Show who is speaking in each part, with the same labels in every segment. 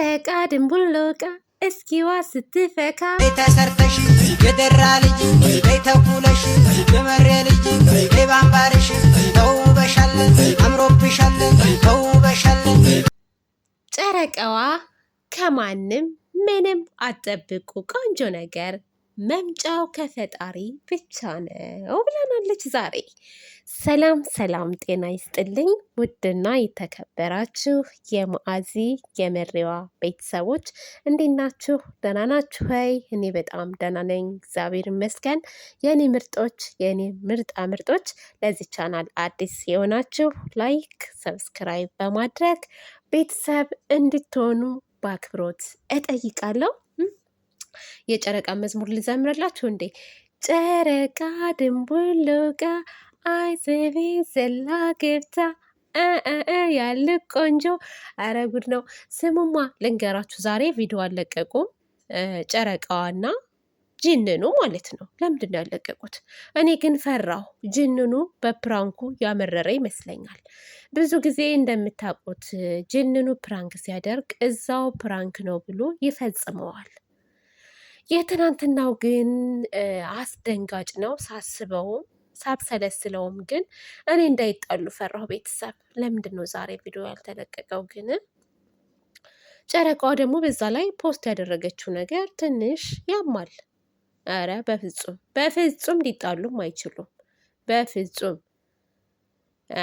Speaker 1: ጨረቃ ድንቡሎቃ እስኪዋ ስትፈካ
Speaker 2: ተሰርተሽ የደራ ልጅ ተኩለሽ የመሬ ልጅ ባንባርሽ ተውበሻለን አምሮብሻለን ተውበሻለን።
Speaker 1: ጨረቃዋ ከማንም ምንም አትጠብቁ ቆንጆ ነገር መምጫው ከፈጣሪ ብቻ ነው ብለናለች ዛሬ። ሰላም ሰላም፣ ጤና ይስጥልኝ ውድና የተከበራችሁ የማአዚ የመሪዋ ቤተሰቦች እንዴት ናችሁ? ደህና ናችሁ ወይ? እኔ በጣም ደህና ነኝ እግዚአብሔር ይመስገን። የእኔ ምርጦች፣ የእኔ ምርጣ ምርጦች፣ ለዚህ ቻናል አዲስ የሆናችሁ ላይክ፣ ሰብስክራይብ በማድረግ ቤተሰብ እንድትሆኑ በአክብሮት እጠይቃለሁ። የጨረቃ መዝሙር ልዘምርላችሁ እንዴ? ጨረቃ ድንቡልቃ አይስቢ ዘላ ገብታ ያለ ቆንጆ አረ ጉድ ነው። ስሙማ ልንገራችሁ፣ ዛሬ ቪዲዮ አለቀቁም። ጨረቃዋና ጅንኑ ማለት ነው። ለምንድን ነው ያለቀቁት? እኔ ግን ፈራሁ። ጅንኑ በፕራንኩ ያመረረ ይመስለኛል። ብዙ ጊዜ እንደምታውቁት ጅንኑ ፕራንክ ሲያደርግ እዛው ፕራንክ ነው ብሎ ይፈጽመዋል። የትናንትናው ግን አስደንጋጭ ነው። ሳስበውም ሳብሰለስለውም ግን እኔ እንዳይጣሉ ፈራሁ። ቤተሰብ ለምንድን ነው ዛሬ ቪዲዮ ያልተለቀቀው? ግን ጨረቃዋ ደግሞ በዛ ላይ ፖስት ያደረገችው ነገር ትንሽ ያማል። ኧረ በፍጹም በፍጹም ሊጣሉም አይችሉም። በፍጹም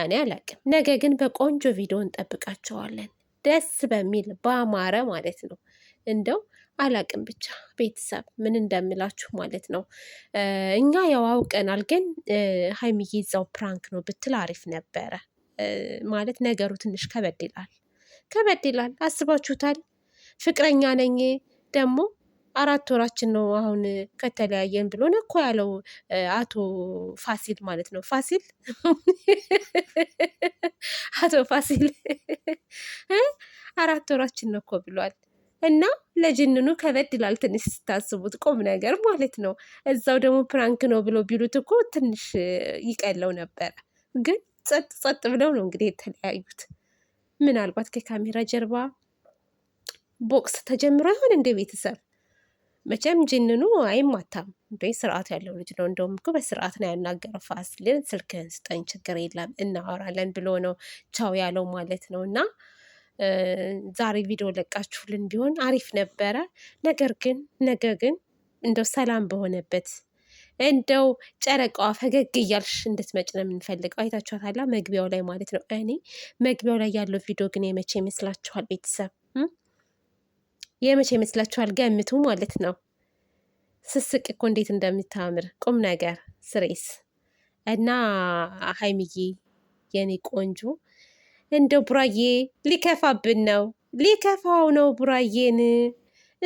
Speaker 1: እኔ አላቅም። ነገ ግን በቆንጆ ቪዲዮ እንጠብቃቸዋለን። ደስ በሚል በአማረ ማለት ነው። እንደው አላቅም ብቻ ቤተሰብ ምን እንደምላችሁ ማለት ነው። እኛ ያው አውቀናል፣ ግን ሀይሚዬ እዛው ፕራንክ ነው ብትል አሪፍ ነበረ። ማለት ነገሩ ትንሽ ከበድ ይላል፣ ከበድ ይላል። አስባችሁታል? ፍቅረኛ ነኝ ደግሞ አራት ወራችን ነው አሁን ከተለያየን ብሎ እኮ ያለው አቶ ፋሲል ማለት ነው። ፋሲል አቶ ፋሲል አራት ወራችን ነው እኮ ብሏል። እና ለጅንኑ ከበድ ይላል ትንሽ ስታስቡት ቁም ነገር ማለት ነው። እዛው ደግሞ ፕራንክ ነው ብሎ ቢሉት እኮ ትንሽ ይቀለው ነበረ። ግን ጸጥ ጸጥ ብለው ነው እንግዲህ የተለያዩት። ምናልባት ከካሜራ ጀርባ ቦክስ ተጀምሮ ይሆን እንደ ቤተሰብ መቼም ጅንኑ አይማታም እንዴ፣ ስርዓት ያለው ልጅ ነው። እንደውም እኮ በስርዓት ነው ያናገረው። ፋሲልን ስልክህን ስጠኝ፣ ችግር የለም እናወራለን ብሎ ነው ቻው ያለው ማለት ነው እና ዛሬ ቪዲዮ ለቃችሁልን ቢሆን አሪፍ ነበረ። ነገር ግን ነገ ግን እንደው ሰላም በሆነበት እንደው ጨረቃዋ ፈገግ እያልሽ እንድትመጭ ነው የምንፈልገው። አይታችኋታላ መግቢያው ላይ ማለት ነው። እኔ መግቢያው ላይ ያለው ቪዲዮ ግን የመቼ ይመስላችኋል? ቤተሰብ የመቼ ይመስላችኋል? ገምቱ ማለት ነው። ስስቅ እኮ እንዴት እንደምታምር ቁም ነገር ስሬስ እና ሀይምዬ የኔ ቆንጆ እንደው ቡራዬ ሊከፋብን ነው፣ ሊከፋው ነው ቡራዬን።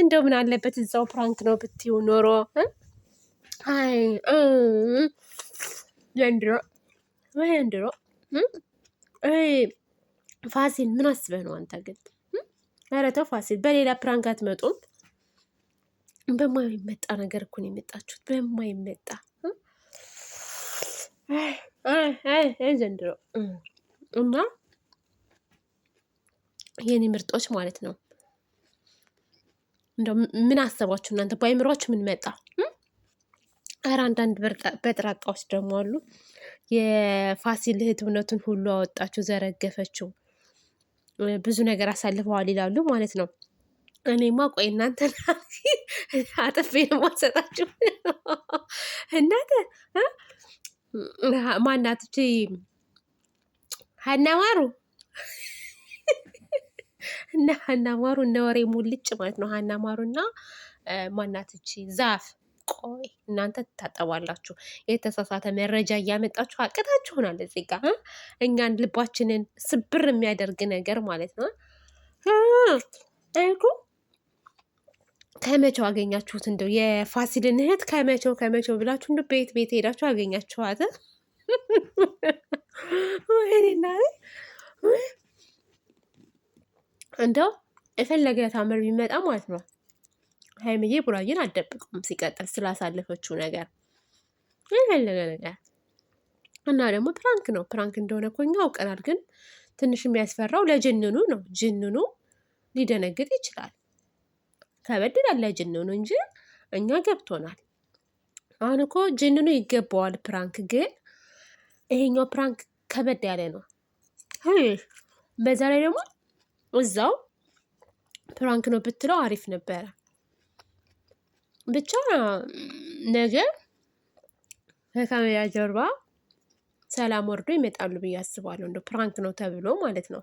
Speaker 1: እንደው ምን አለበት እዛው ፕራንክ ነው ብትይው ኖሮ ዘንድሮ ዘንድሮ ፋሲል ምን አስበህ ነው አንተ ግን? ኧረ ተው ፋሲል፣ በሌላ ፕራንክ አትመጡም። በማይመጣ ነገር እኮ ነው የመጣችሁት። በማይመጣ ዘንድሮ እና የኔ ምርጦች ማለት ነው። እንደው ምን አሰባችሁ እናንተ? በአይምሯችሁ ምን መጣ? ኧረ አንዳንድ በጥራቃዎች ደግሞ አሉ። የፋሲል እህት እውነቱን ሁሉ አወጣችሁ፣ ዘረገፈችው፣ ብዙ ነገር አሳልፈዋል ይላሉ ማለት ነው። እኔማ ቆይ እናንተ አጥፌ ነው የማሰጣችሁ እናንተ ማናትቺ ሀናማሩ እነ ሀና ማሩ እነ ወሬ ሙልጭ ማለት ነው። ሀና ማሩና ማናትቺ ዛፍ ቆይ እናንተ ትታጠባላችሁ። የተሳሳተ መረጃ እያመጣችሁ አቅታችሁናል። እዚህ ጋ እኛን ልባችንን ስብር የሚያደርግ ነገር ማለት ነው። አይኩ ከመቼው አገኛችሁት? እንደው የፋሲልን እህት ከመቼው ከመቼው ብላችሁ እንደ ቤት ቤት ሄዳችሁ አገኛችኋት? ወይኔ እንደው የፈለገ ታምር ቢመጣ ማለት ነው ሀይምዬ ቡራዬን አደብቁም። ሲቀጥል ስላሳለፈችው ነገር የፈለገ ነገር እና ደግሞ ፕራንክ ነው። ፕራንክ እንደሆነ እኮ እኛ አውቀናል። ግን ትንሽ የሚያስፈራው ለጅንኑ ነው። ጅንኑ ሊደነግጥ ይችላል። ከበድላል ለጅንኑ እንጂ እኛ ገብቶናል። አሁን እኮ ጅንኑ ይገባዋል ፕራንክ። ግን ይሄኛው ፕራንክ ከበድ ያለ ነው። በዛ ላይ ደግሞ እዛው ፕራንክ ነው ብትለው አሪፍ ነበረ። ብቻ ነገ ከካሜራ ጀርባ ሰላም ወርዶ ይመጣሉ ብዬ አስባለሁ። እንደ ፕራንክ ነው ተብሎ ማለት ነው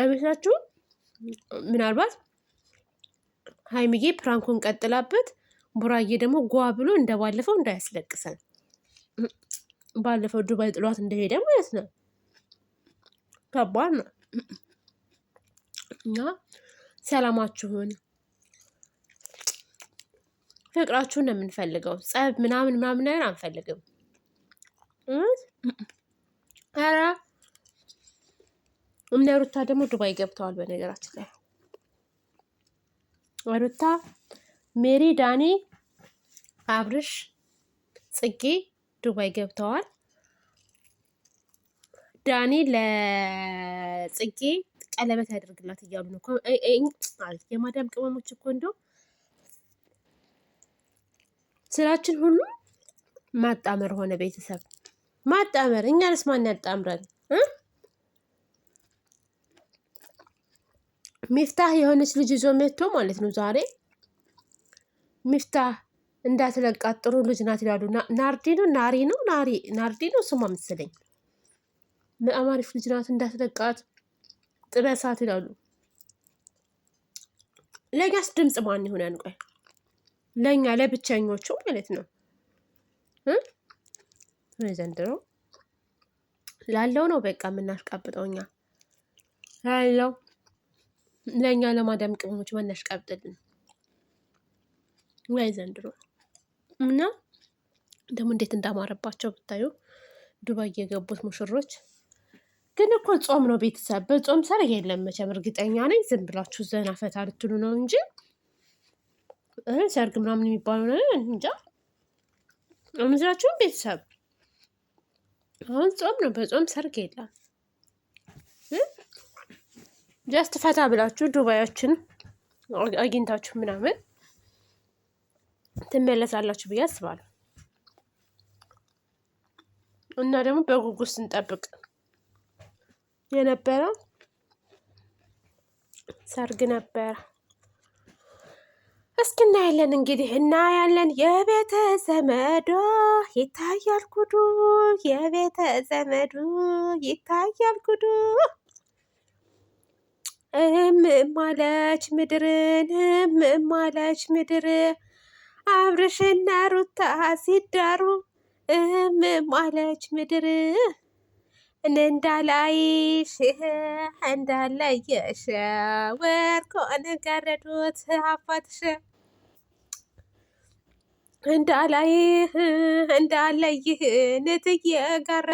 Speaker 1: አይመስላችሁም? ምናልባት ሀይሚዬ ፕራንኩን ቀጥላበት፣ ቡራዬ ደግሞ ጓ ብሎ እንደባለፈው እንዳያስለቅሰን ባለፈው ዱባይ ጥሏት እንደሄደ ማለት ነው። ከባድ ነው። እና ሰላማችሁን ፍቅራችሁን ነው የምንፈልገው። ጸብ ምናምን ምናምን ነገር አንፈልግም። ኧረ እነ ሩታ ደግሞ ዱባይ ገብተዋል። በነገራችን ላይ ሩታ፣ ሜሪ፣ ዳኒ፣ አብርሽ፣ ጽጌ ዱባይ ገብተዋል። ዳኒ ለጽጌ ቀለበት ያደርግላት እያሉ ነው። የማዳም ቅመሞች እኮ እንደው ስራችን ሁሉ ማጣመር ሆነ። ቤተሰብ ማጣመር፣ እኛንስ ማን ያጣምረን? ሚፍታህ የሆነች ልጅ ይዞ መጥቶ ማለት ነው ዛሬ ሚፍታህ እንዳትለቃት ጥሩ ልጅ ናት ይላሉ። ናርዲ ነው ናሪ ነው ናሪ ናርዲ ነው ስሟ መሰለኝ። በጣም አሪፍ ልጅ ናት እንዳትለቃት ጥበሳት ይላሉ። ለእኛስ ድምፅ ማን ይሆናል? ቆይ ለእኛ ለብቸኞቹ ማለት ነው ዘንድሮ ላለው ነው በቃ የምናሽቃብጠው እኛ ላለው ለእኛ ለማዳም ቅመሞች መናሽቃብጥልን ወይ ዘንድሮ እና ደግሞ እንዴት እንዳማረባቸው ብታዩ ዱባይ የገቡት ሙሽሮች ግን እኮ ጾም ነው ቤተሰብ። በጾም ሰርግ የለም መቼም፣ እርግጠኛ ነኝ። ዝም ብላችሁ ዘና ፈታ ልትሉ ነው እንጂ ሰርግ ምናምን የሚባለው ነገር እንጃ አመስላችሁም ቤተሰብ። አሁን ጾም ነው፣ በጾም ሰርግ የለም። ጀስት ፈታ ብላችሁ ዱባያችን አግኝታችሁ ምናምን ትመለሳላችሁ ብዬ አስባለሁ። እና ደግሞ በጉጉት ስንጠብቅ የነበረው ሰርግ ነበር። እስኪ እናያለን እንግዲህ እናያለን። የቤተ ዘመዱ ይታያል ጉዱ፣ የቤተ ዘመዱ ይታያል ጉዱ። አለች ምድርን አለች ምድር አብርሽና ሩታ ሲዳሩ እምማለች ምድር እንዳላይሽ እንዳላየሽ ወርቆ ንጋረዶት አባትሽ እንዳላይህ እንዳላይህ ንትዬ ጋረ